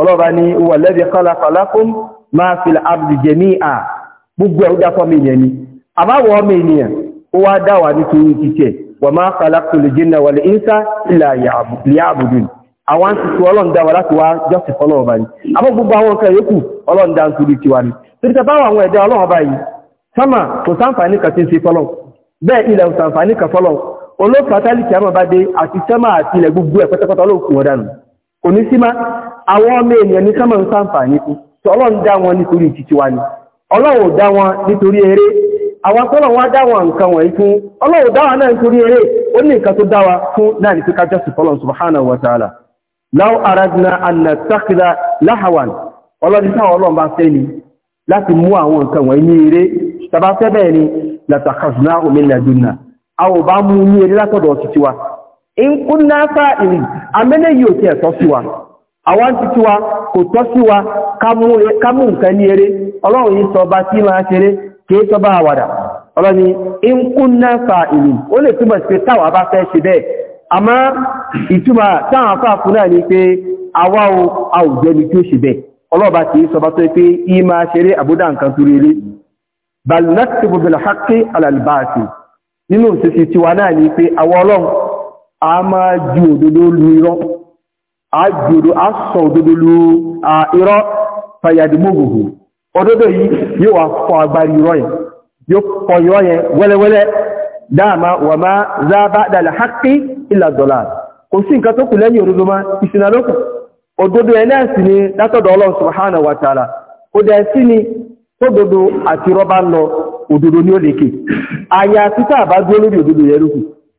ọlọ́ba ni wà lẹ́bí kọ́lákọ́lákún máa fi àbdì jẹ̀mí à gbogbo ẹ̀rú dákọ́ mi yẹn ni àbáwọ̀ ọmọ ènìyàn ó wá dáwà nítorí títẹ̀ wà máa kọ́lákù lè jìnnà wà lè ínsá ilà yàbùdù àwọn àtìkù ọlọ́ndáwà láti wá jọ́sì fọlọ́ọ̀bá ni àmọ́ gbogbo àwọn nǹkan yòókù ọlọ́ndá nítorí tiwa ni torí tẹ báwọn àwọn ẹ̀dá ọlọ́ọ̀bá yìí sámà kò sáǹfààní kan tí ń ṣe fọlọ́ bẹ́ẹ̀ ilẹ̀ ò àti sẹ́mà àti ilẹ̀ gbogbo ẹ̀ pẹ́tẹ́pẹ́tẹ́ olóòkú onisima ní sí má àwọn ọmọ ènìyàn ní sánmà ń ṣàǹfààní fún tí ọlọ́run dá wọn nítorí wa ni ọlọ́run dá wọn nítorí eré àwọn tọ́lọ̀n dá wọn nǹkan wọ̀nyí fún ọlọ́run dá wọn náà nítorí eré ó ní nǹkan tó wa fún náà ní kíkájọ́ sí fọ́lọ̀ in kunna fa'ili amene yóò ti ẹ̀tọ́ sí wa àwọn ti tiwa kò tọ́ sí wa e, ká mú nǹkan ní eré ọlọ́run yìí sọba tí máa ṣeré kìí sọba àwàdà ọlọ́ni in kunna fa'ili ó lè túmọ̀ sí pé táwa bá fẹ́ ṣe bẹ́ẹ̀ àmọ́ ìtumọ̀ táwọn afá fún náà ni pé àwa o a ò jẹni tí ó ṣe bẹ́ẹ̀ ọlọ́ba ti sọba tó pé í máa ṣeré àbúdá nǹkan torí eré bal naktubu bil haqqi ala al batil nínú òṣìṣẹ́ tiwa náà ni pé àwa ọlọ́run a máa ju òdodo lu irọ́ a jòdó a sọ òdodo lu irọ́ fàyàdìmógògò òdodo yìí yóò wà fọ agbárí irọ́ yẹn yóò fọ irọ́ yẹn wẹ́lẹ́wẹ́lẹ́ dáàmà wà máa zábá dàlẹ̀ hákí ìlà dọ̀là kò sí nǹkan tó kù lẹ́yìn òdodo má ìsinalókù òdodo ẹ̀ náà sì ni látọ̀dọ̀ Ọlọ́run subhanahu wa ó dẹ̀ sí ni tódodo àti lọ òdodo ní ó àyà àbá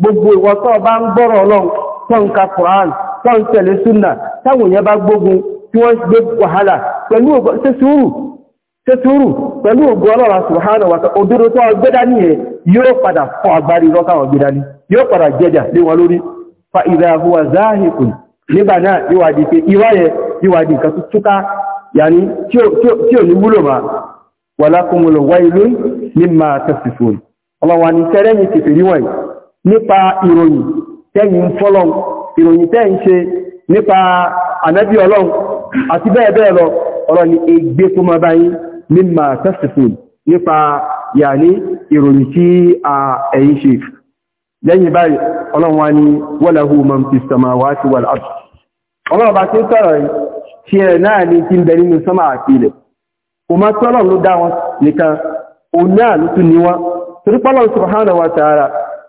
gbogbo ìwọ tó bá ń gbọ́rọ̀ ọlọ́run tó ń ka Quran tó ń tẹ̀lé súnà táwọn èèyàn bá gbógun tí wọ́n gbé wàhálà pẹ̀lú sẹ́sùúrù pẹ̀lú ògùn ọlọ́run subhanahu wa ta'ala òdúró tó ọgbẹ́dá ní ẹ yóò padà fọ́ agbárí rọ́ta ọgbẹ́dá ní yóò padà jẹjà lé wọn lórí fa idha huwa záhìkùn nígbà náà ìwàdí pé ìwáyẹ ìwàdí nípa ìròyìn tẹ́yìn ń fọ́lọ́n ìròyìn tẹ́yìn ṣe nípa ànábí ọlọ́run àti bẹ́ẹ̀ bẹ́ẹ̀ lọ ọ̀rọ̀ ni ègbé tó máa báyìí mímà tẹ́sìfún nípa yàní ìròyìn tí a ẹ̀yìn ṣe lẹ́yìn báyìí ọlọ́run wá ní walahu man fis samawati wal ard ọlọ́run bá tí ń sọ̀rọ̀ tí ẹ̀ náà ní tí ń bẹ nínú sánmà àti ilẹ̀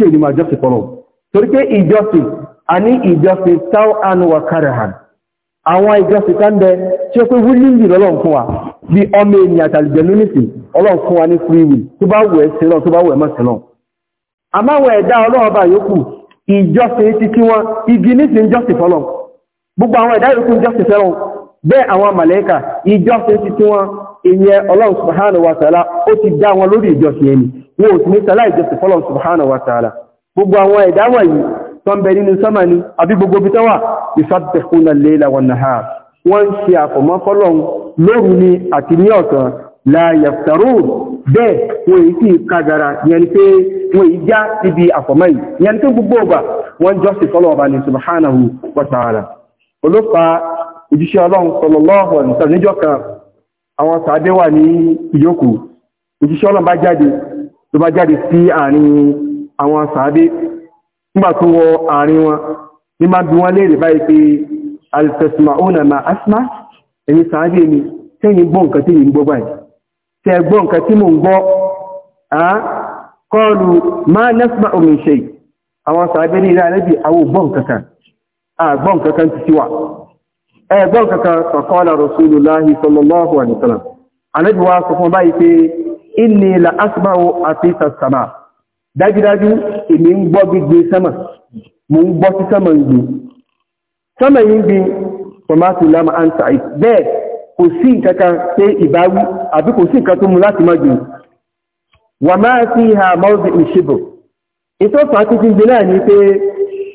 tí ò ní máa jọ́sìn fọ́lọ̀ torí pé ìjọsìn a ní ìjọsìn tau anu wa karahan àwọn ìjọsìn tá ń bẹ tí ó pé wílìlì lọ́lọ́run fún wa bí ọmọ ènìyàn àtàlìjẹ̀nú nìsìn ọlọ́run fún wa ní free will tó bá wù ẹ́ sí náà tó bá wù ẹ́ mọ́sí náà àmáwọn ẹ̀dá ọlọ́run bá yókù ìjọsìn títí wọn bẹ́ẹ̀ àwọn màlẹ́kà ìjọsìn ti tí wọ́n ìyẹn ọlọ́run subhanahu wa ta'ala ó ti dá wọn lórí ìjọsìn ẹni wọn ò sì ní sàlá ìjọsìn fọ́lọ́run subhanahu wa ta'ala gbogbo àwọn ẹ̀dá wọ̀nyí tó ń bẹ nínú sọ́mà ni àbí gbogbo bí tọ́wà yusabbihuna al-layla wan-nahar la yaftarun bẹ́ẹ̀ wọ́n èyí sì kagara yẹn pé wọ́n èyí já síbi àfọ̀mọ́ yìí yẹn tó gbogbo subhanahu wa ta'ala òjíṣẹ́ ọlọ́run sallallahu alaihi wasallam níjọ́ kan àwọn sàádé wà ní ìyókù òjíṣẹ́ ọlọ́run bá jáde ló bá jáde sí àárín àwọn sàádé nígbà tó wọ àárín wọn ní máa bí wọ́n léèrè báyìí pé al-tasma'una ma asma ẹ̀yin sàádé ni tẹ́yìn gbọ́ nǹkan tí mi ń gbọ́ báyìí tẹ́ gbọ́ ma nasma min shay àwọn sàádé ní ilé alẹ́bí àwọn ògbọ́n kankan àgbọ́n ti wà ẹgbọ́n kankan kọ̀kọ́lá rasulullahi sallallahu alaihi wasallam ànábì wa sọ fún báyìí pé inni la asma'u atita sama dájúdájú èmi ń gbọ́ gbígbé sẹ́mà mo ń gbọ́ sí sẹ́mà ń gbé sẹ́mà yìí ń gbé tọ́mátì lámà án bẹ́ẹ̀ kò sí nǹkankan pé ìbáwí àbí kò sí nǹkan tó mú láti má gbé wà máa sí ha mọ́ọ̀dì ìṣibò ìtọ́fà títí gbé náà ni pé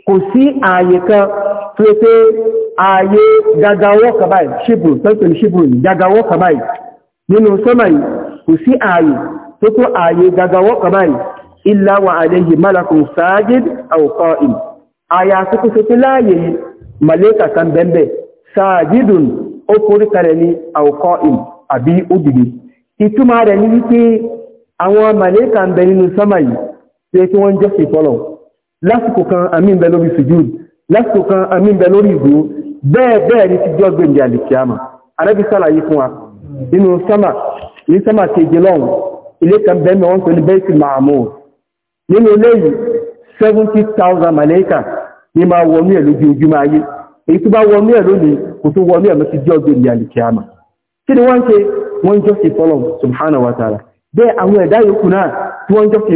kò sí ààyè kan tó ààyè gagawọ́ kàbáyì ṣíbù tọ́tún ṣíbù gagawọ́ kàbáyì nínú sọ́mà yìí kò sí ààyè tó tó ààyè gagawọ́ kàbáyì illa wa alayhi malakun sajid aw qa'im àyà sókúsókú láàyè màlẹ́kà kan bẹ́ẹ̀ sajidun ó forí kalẹ̀ ní aw qa'im àbí òdìdí ìtumà rẹ̀ ní wípé àwọn màlẹ́kà ń bẹ nínú sọ́mà yìí tí ó tí wọ́n jẹ́ sí fọ́lọ̀ lásìkò kan àmì ń bẹ lórí bẹ́ẹ̀ bẹ́ẹ̀ ni ti jọ gbẹ̀ndẹ̀ alìkíyàmà arẹ́bí sàlàyé fún wa nínú sámà ní sámà keje lọ́hùn ilé kan bẹ́ẹ̀ mẹ́wọ́n pẹ̀lú bẹ́ẹ̀sì màmú nínú ilé 70,000 malaika ní máa wọnú ẹ̀ lójoojúmọ́ ayé èyí tó bá wọnú ẹ̀ lónìí kò tó wọnú ẹ̀ mọ́ ti jọ gbẹ̀ndẹ̀ ni wọ́n ṣe wọ́n jọ́ sí fọ́lọ̀ subhanahu wa ta'ala bẹ́ẹ̀ àwọn ẹ̀dá yòókù náà tí wọ́n jọ́ sí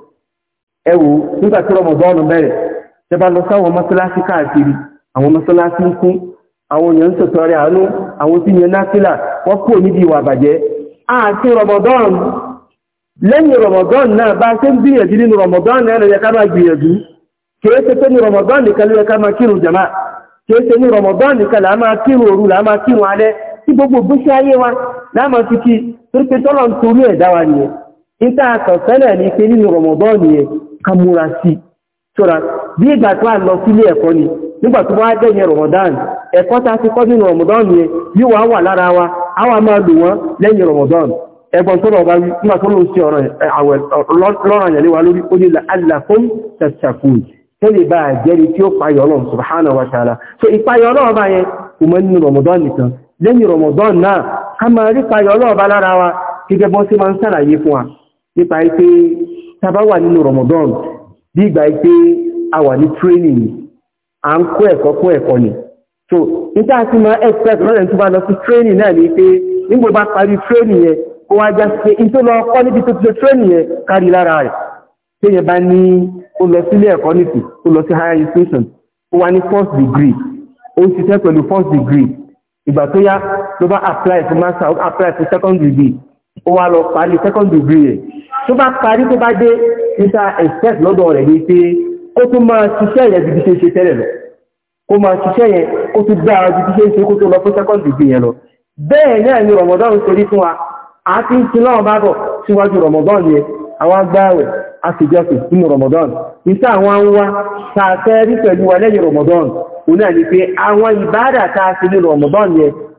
ewu wò nígbà tí rọmọdọ́ọ̀nù bẹ̀rẹ̀ tẹ bá lọ sáwọn mọ́sálásí káàkiri àwọn mọ́sálásí ń kún àwọn èèyàn ń sọ̀tọ̀rẹ̀ àánú àwọn tí yẹn náfílà wọ́n kò níbi ìwà àbàjẹ́ àti rọmọdọ́ọ̀nù lẹ́yìn rọmọdọ́ọ̀nù náà bá ṣe ń gbìyànjú nínú yẹ ká máa gbìyànjú kìí ṣe pé ní nìkan ká máa kírun kìí ṣe ní nìkan máa kírun òru máa kírun alẹ́ tí gbogbo ká múra sí ṣọ́ra bí ìgbà tó à lọ sílé ẹ̀kọ́ ni nígbà tó wá dẹ̀yẹ Ramadan ẹ̀kọ́ ta ti kọ́ nínú Ramadan yẹn yóò wá wà lára wa a wà máa lò wọ́n lẹ́yìn Ramadan ẹgbọ́n tó lọ bá rí nígbà tó lọ sí ọ̀rọ̀ wa lórí ó ní la'allakum tattaqun tó lè bá àjẹ́rí tí ó payọ̀ Ọlọ́run subhanahu wa ta'ala so ìpayọ̀ tàbá wà nínú Ramadan bí ìgbà pé a wà ní training à ń kó ẹ̀kọ́ kó ẹ̀kọ́ ni so níta sí máa expect lọ́dẹ̀ tó bá lọ sí training náà ni pé nígbò bá parí training yẹn kó wá já sí pé in tó lọ kọ́ níbi tó ti lọ training yẹn kárí lára rẹ̀ tí yẹn bá ní ó lọ sílé ẹ̀kọ́ nìsí ó lọ sí higher institution ó wá ní first degree ó ń ṣiṣẹ́ pẹ̀lú first degree ìgbà tó yá ló bá apply for master ó apply for second degree ó wá lọ parí second degree yẹn tó bá parí tó bá dé níta express lọ́dọ̀ rẹ̀ ní pé kó tó máa ṣiṣẹ́ yẹn bí ṣe ṣe tẹ́lẹ̀ lọ kó máa ṣiṣẹ́ yẹn kó tó gbá bí ṣe ṣe kó tó lọ fún second degree yẹn lọ bẹ́ẹ̀ náà ni rọmọdán torí fún wa a ti ń sin náà bábọ̀ síwájú rọmọdán yẹn àwọn agbáwẹ̀ a sì jẹ́ a ti ní rọmọdán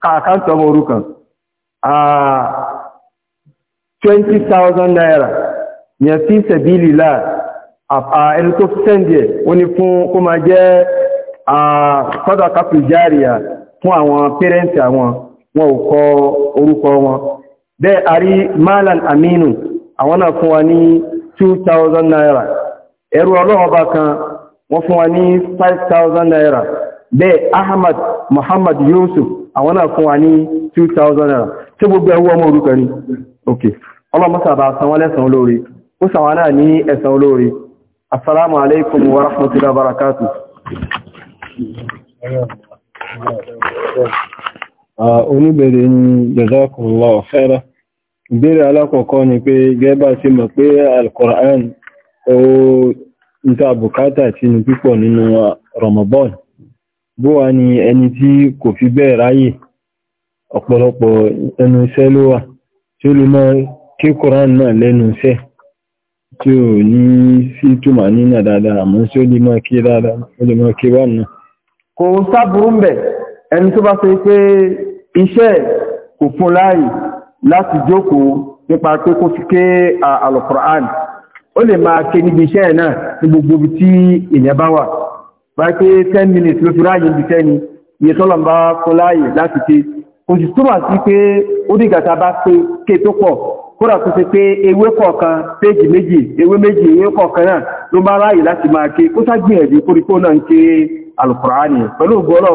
àkáǹtì ọmọ òrukàn twenty thousand naira yẹn fi sẹ̀bílì láà ẹni tó sẹ́ndì ẹ̀ ó ní fún kó máa jẹ́ kọ́dà kápù járíà fún àwọn pẹ́rẹ́ǹtì àwọn wọn ò kọ orúkọ wọn bẹ́ẹ̀ àrí malan aminu àwọn náà fún wa ní 2000 naira ẹrù ọlọ́ọ̀bá kan wọ́n fún wa ní 5000 naira bẹ́ẹ̀ ahmad muhammad yusuf àwọn náà fún wa ní 2000 naira tí gbogbo ẹwú ọmọ orúkọ ní ok ọlọ́mọ́sàbà san wọ́n olóore ó sàwọn náà ní olóore assalamu alaikum wa rahmatullahi wa barakatuh oníbèrè ní jazakumullahu khairan ìbéèrè alákọ̀ọ́kọ́ ni pé gẹ́bà sí mọ̀ pé al ó ń ta bó wá ní ẹni tí kò fi bẹ́ẹ̀ ráyè ọ̀pọ̀lọpọ̀ ẹnu iṣẹ́ ló wà tí ó lè máa ké koran náà lẹ́nu iṣẹ́ tí ò ní sí túmà nínà dáadáa àmọ́ tí ó lè máa ké dáadáa ó lè máa ké wánà. kò sábúrú ń bẹ̀ ẹni tó bá sọ pé iṣẹ́ kò fún láàyè láti jókòó nípa pé kó fi ké àlùkùránì ó lè máa ké níbi iṣẹ́ náà ní gbogbo ibi tí ìyẹn bá wà bá pé 10 minutes ló fi ráyè ibi tẹ́ni iye tọ́lọ̀ bá kó láàyè láti pé kò sì túmọ̀ sí pé ó dìgbà tá a bá pé ké tó pọ̀ kódà tó ṣe pé ewé kọ̀ọ̀kan péjì méjì ewé méjì ewé kọ̀ọ̀kan náà ló máa ráyè láti máa ké kó ságbìyànjú kórìkó náà ń ké alùkùránì pẹ̀lú ògbọ́lọ̀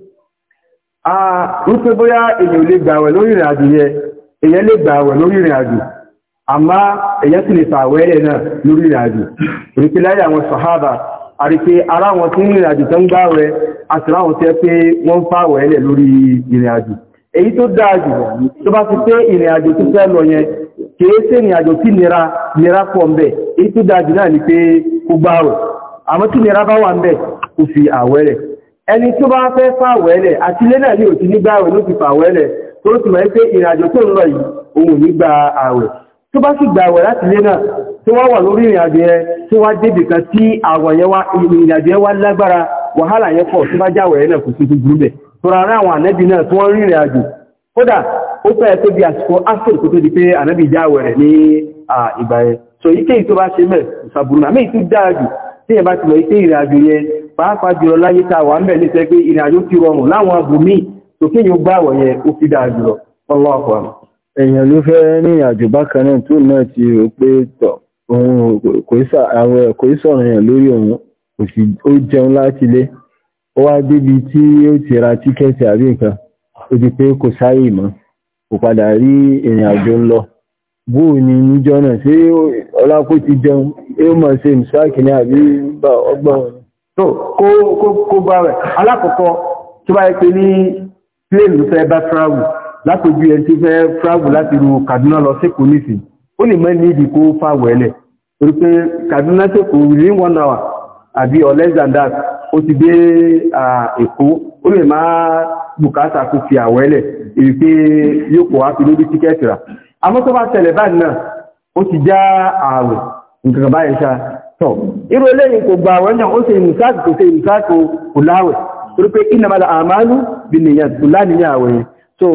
wípé bóyá èyàn lè gbàwẹ̀ lórí ìrìn àjò yẹ èyàn lè gbàwẹ̀ lórí ìrìn àjò àmá èyàn sì lè náà lórí ìrìn àjò ìrìnkí láyé àwọn sàhábà ara wọn tí ìrìn àjò tó ń gbàwẹ̀ àtìrá wọn tẹ́ pé wọ́n lórí ìrìn àjò èyí tó dáa jù tó bá ti pé ìrìn àjò tó fẹ́ lọ yẹn kìí nira nira pọ̀ èyí tó dáa jù pé gbàwẹ̀ àmọ́ nira bá ẹni tó bá fẹ́ fàwẹ́lẹ̀ àti ilé náà ní òtí nígbà àwẹ̀ ló ti fàwẹ́lẹ̀ tó sì mọ̀ pé ìrìnàjò tó ń lọ yìí òun nígbà àwẹ̀ tó bá sì gbà àwẹ̀ láti ilé náà tó wá wà lórí ìrìnàjò yẹn tó wá débì kan tí àwẹ̀ yẹn wá ìrìnàjò yẹn wá lágbára wàhálà yẹn pọ̀ tó so ike ìtó bá ṣe mẹ́ ìsàbùrùnà mẹ́ ìtú dáa jù tí yẹn bá pàápàá jùlọ láyé tá wà ń bẹ̀ níṣẹ́ pé ìrìn àjò ti rọrùn láwọn abùmí tó kí yóò gbà wọ̀nyẹ ó fi dáa jùlọ ọlọ́ọ̀pọ̀ èèyàn ló fẹ́ ní àjò bákan náà tó náà ti rò pé tọ̀ òun kò sọ̀rọ̀ yẹn lórí òun kò sì ó jẹun láti lé ó wá débi tí ó ti ra tíkẹ́ẹ̀tì àbí nǹkan ó di pé kò sáyè mọ́ kò padà rí ìrìn àjò ń lọ bóò ni níjọ́ náà ṣé ọlápò ti jẹun ó mọ̀ ṣe ìṣáàkì ní àbí ọgbọ́n so kó bá rẹ̀ alákọ̀ọ́kọ́ tó bá yẹ pé ní plane ló fẹ́ bá travel lápòjú ẹni tí fẹ́ travel láti ru Kaduna lọ sékòó nìsín ó lè mẹ́rin níbi kó fàwọ̀ ẹ̀lẹ̀ torí pé Kaduna sékòó within one hour àbí or less than that ó ti dé Èkó ó lè máa bùkátà kó fi àwọ̀ èyí pé yóò pọ̀ wá fi tíkẹ́ẹ̀tì rà àmọ́ tó bá tẹ̀lẹ̀ báyìí náà ó ti já ààrùn nǹkan báyìí ṣáà tọ̀ irú eléyìn kò gbà wọ́n náà ó ṣe ìmùsáàkì kò ṣe ìmùsáàkì kò láwẹ̀ torí pé innamal a'malu binniyat kò láníyàwó yẹn so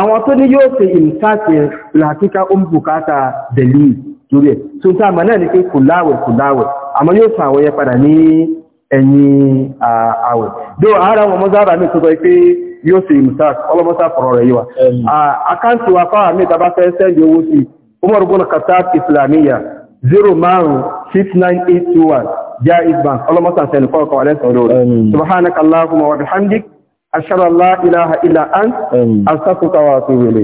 àwọn tó ní yóò ṣe ìmùsáàkì làkíká ó ń bùkátà dẹ̀lì lórí ẹ̀ tó ń sáàmà náà ní pé kò láwẹ̀ kò láwẹ̀ àmọ́ yóò sọ àwọn yẹn padà ní ẹ̀yìn àwẹ̀ dó ara wọn mọ́sára mi tó sọ pé zero márùn six nine eight two one Jaiz Bank ọlọ́mọ́sà sẹ́ni kọ́ọ̀kọ́ alẹ́sàn olóòrùn subhanakallahumma wa bihamdik ashhadu an la ilaha illa ant astaghfiruka wa atubu